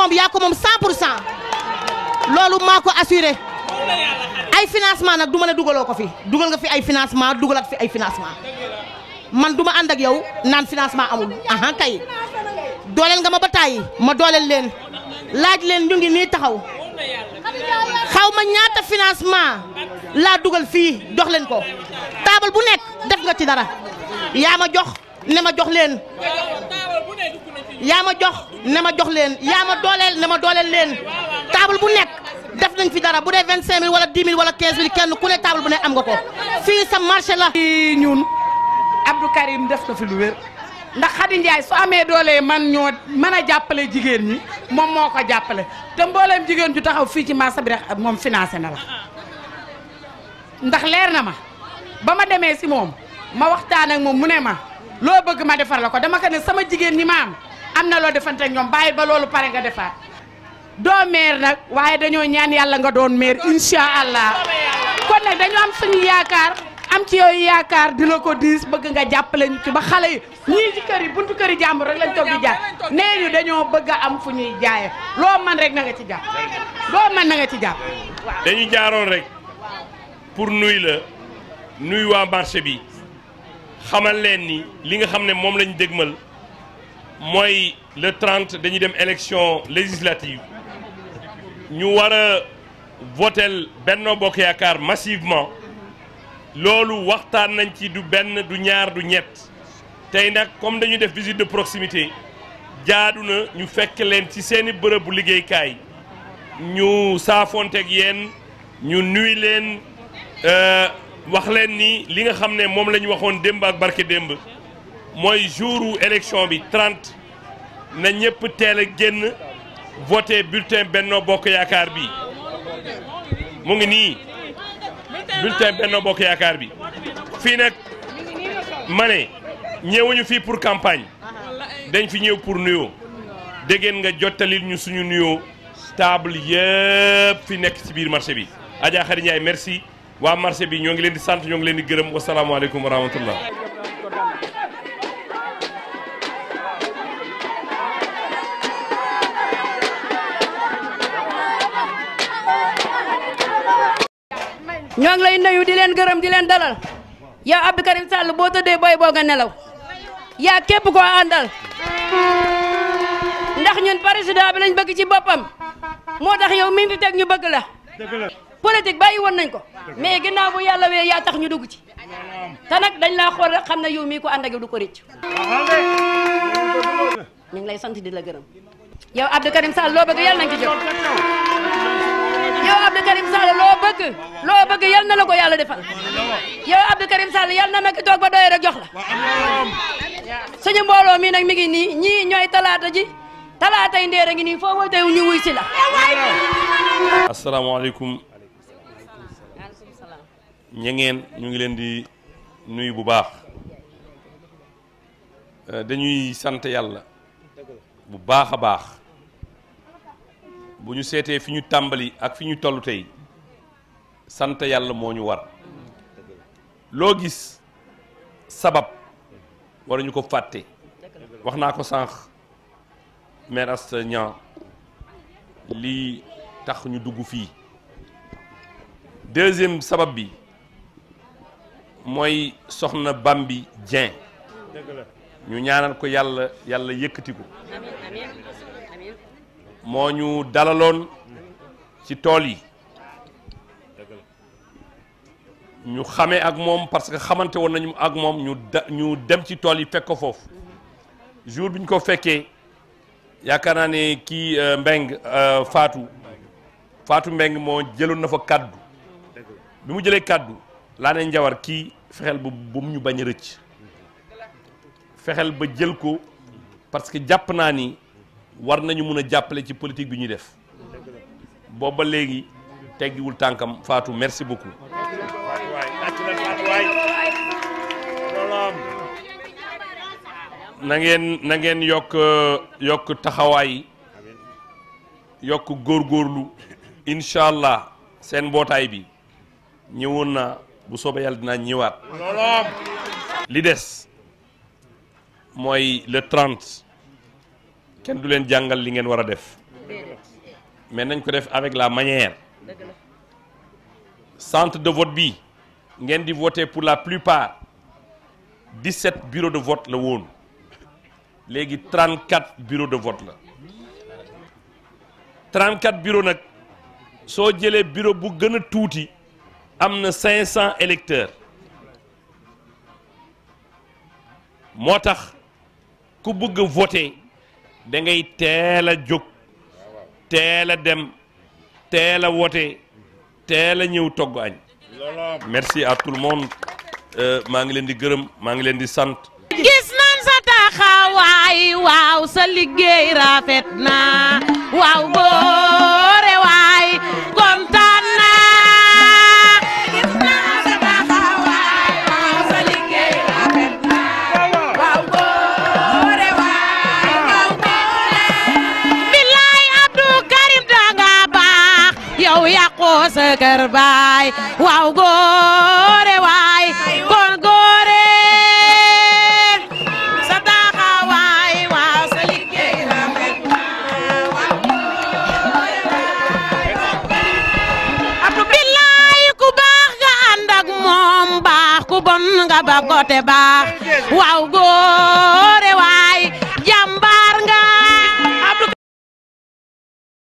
mom yaa ko mom 100 lolou mako assurer ay financement nak duma ma ne dugaloo ko fi dugal nga fi ay financement dugalat fi ay financement man duma and ak yow nan financement amul aha kay dolel nga ma ba ma dolel len laaj len ñu ngi ni taxaw xawma ñaata financement la dugal fi dox len ko table bu nek def nga ci dara yaama jox ne ma jox len yaa ma jox ne ma jox leen yaa ma dooleel ne ma dooleel leen table bu nekk def nañ fi dara bu dee vingt cinq mille wala dix wala quinze mille kenn ku ne table bu ne am nga ko fii sa marché la. fii ñun Abdou Karim def na fi lu wér ndax Khady Ndiaye su amee doole man ñoo mën a jàppale jigéen ñi moom moo ko jàppale te mbooleem jigéen ju taxaw fii ci marché bi rek moom financé na la ndax leer na ma ba ma demee si moom ma waxtaan moom mu ne ma loo bëgg ma defar la ko dama ko sama jigéen ñi ma amna lo defante ak ñom baye ba lolu paré nga defaat do mer nak waye dañoo ñaan yalla nga doon mer incha allah kon nak dañu am suñu yaakar am ci yoy yaakar di ko dis bëgg nga jàppale ñu ci ba xalé yi ñii ci kër yi buntu kër yi jamm rek lañ togg jaay neñu ñu dañoo bëgg am fuñu jaay lo man rek na nga ci japp do man na nga ci japp dañu jaaroon rek pour nuy la nuy wa marché bi xamal leen ni li nga xamne mom lañ deggmal mooy le 30 dañuy dem élection législative ñu war voter Benno Bokk Yaakaar massivement loolu waxtaan nañ ci du benn du ñaar du ñett tey nag comme dañu def visite de proximité jaadu na ñu fekk leen ci seeni bërëbu liggéeykaay ñu saafonteeg yéen ñu nuy leen euh, wax leen ni li nga xam ne moom la ñu ak barke démb mooy jouru élection bi 30 na ñëpp teel a génn voté bulletin Benno Bokk Yaakaar bi mu ngi nii bulletin Benno Bokk Yaakaar bi fii nag ma ne ñëwuñu pour campagne dañ fi ñëw pour nuyoo déggeen nga jottalil ñu suñu nuyoo table yëpp fi nekk ci biir marché bi Adja Khary Ndiaye merci waa marché bi ñoo ngi leen di sant ñoo ngi leen di gërëm wasalaamaaleykum wa rahmatullah ñoo lay nuyu di leen gërëm di leen dalal yow Abdou Karim Sall boo tëddee boy boo nga nelaw yaa képp koo àndal ndax ñun président bi lañ bëgg ci boppam moo tax yow mi ngi teg ñu bëgg la. politique bàyyi woon nañ ko mais ginnaaw bu yàlla wee yaa tax ñu dugg ci te nag dañ laa xool rek xam na yow mii ko ànd ak yow du ko rëcc. ñu ngi lay sant di la gërëm yow Abdou Karim loo bëgg yàlla nañ ci yow Abdou Karim Sall loo bëgg loo bëgg yal na la ko yàlla defal yow Abdou Karim Sall yal na Macky toog ba doy jox la suñu mbooloo mi nag mi ngi nii ñii ñooy talaata ji talaatay ndeer a ngi nii foo wootee ñu wuy si la. ñu ngi leen di nuyu bu baax euh, dañuy sant yàlla bu baax a baax. bu ñu seetee fi ñu tàmbali ak fi ñu toll tey sant yàlla ñu war lo gis sabab waruñu ko faté waxna ko sànq maire Asta Niang lii tax ñu dugg fii deuxième sabab bi moy soxna Bambi Dieng ñu ñaanal ko yalla yalla yëkëti ko moo ñu dalaloon ci tool yi ñu xamee ak moom parce que xamante woon nañu ak moom ñu dem ci tool yi fekk ko foofu jour bi ñu ko fekkee yaakaar naa ne kii euh, Mbeng euh, faatu faatu Mbeng moo jëloon na fa kàddu bi mu jëlee kàddu laa ne njawar kii fexeel bu mu ñu bañ a rëcc fexeel ba jël ko parce que jàpp naa ni. war nañu mun a jàppale ci politique bi ñuy def booba léegi teggiwul tànkam faatu merci beaucoup na ngeen na ngeen yokk yokk taxawaay yokk góor góorlu incha allah seen mbootaay bi ñëwoon na bu soobee yàlla dinaa ñëwaat li des mooy le 30 Quand du len jangal li ngeen wara def mais nañ ko def avec la manière centre de vote bi ngeen di voter pour la plupart 17 bureaux de vote le légui 34 bureaux de vote 34 bureaux si vous jélé bureau bu gëna a amna 500 électeurs motax si ku bëgg voter da ngay teel a jóg teel dem teel a wote teel a ñëw togg añ merci à tout le monde euh, maa ngi leen di gërëm maa ngi leen di sant gis nan sa taxawaay waaw sa liggéey rafet na kër baay waaw góore waay kon góore sa taxa waay waaw sa liggéey rafet na waaw góore waay Abdubillaay ku baax nga ànd ak moom baax ku bon nga ba gote baax waaw góore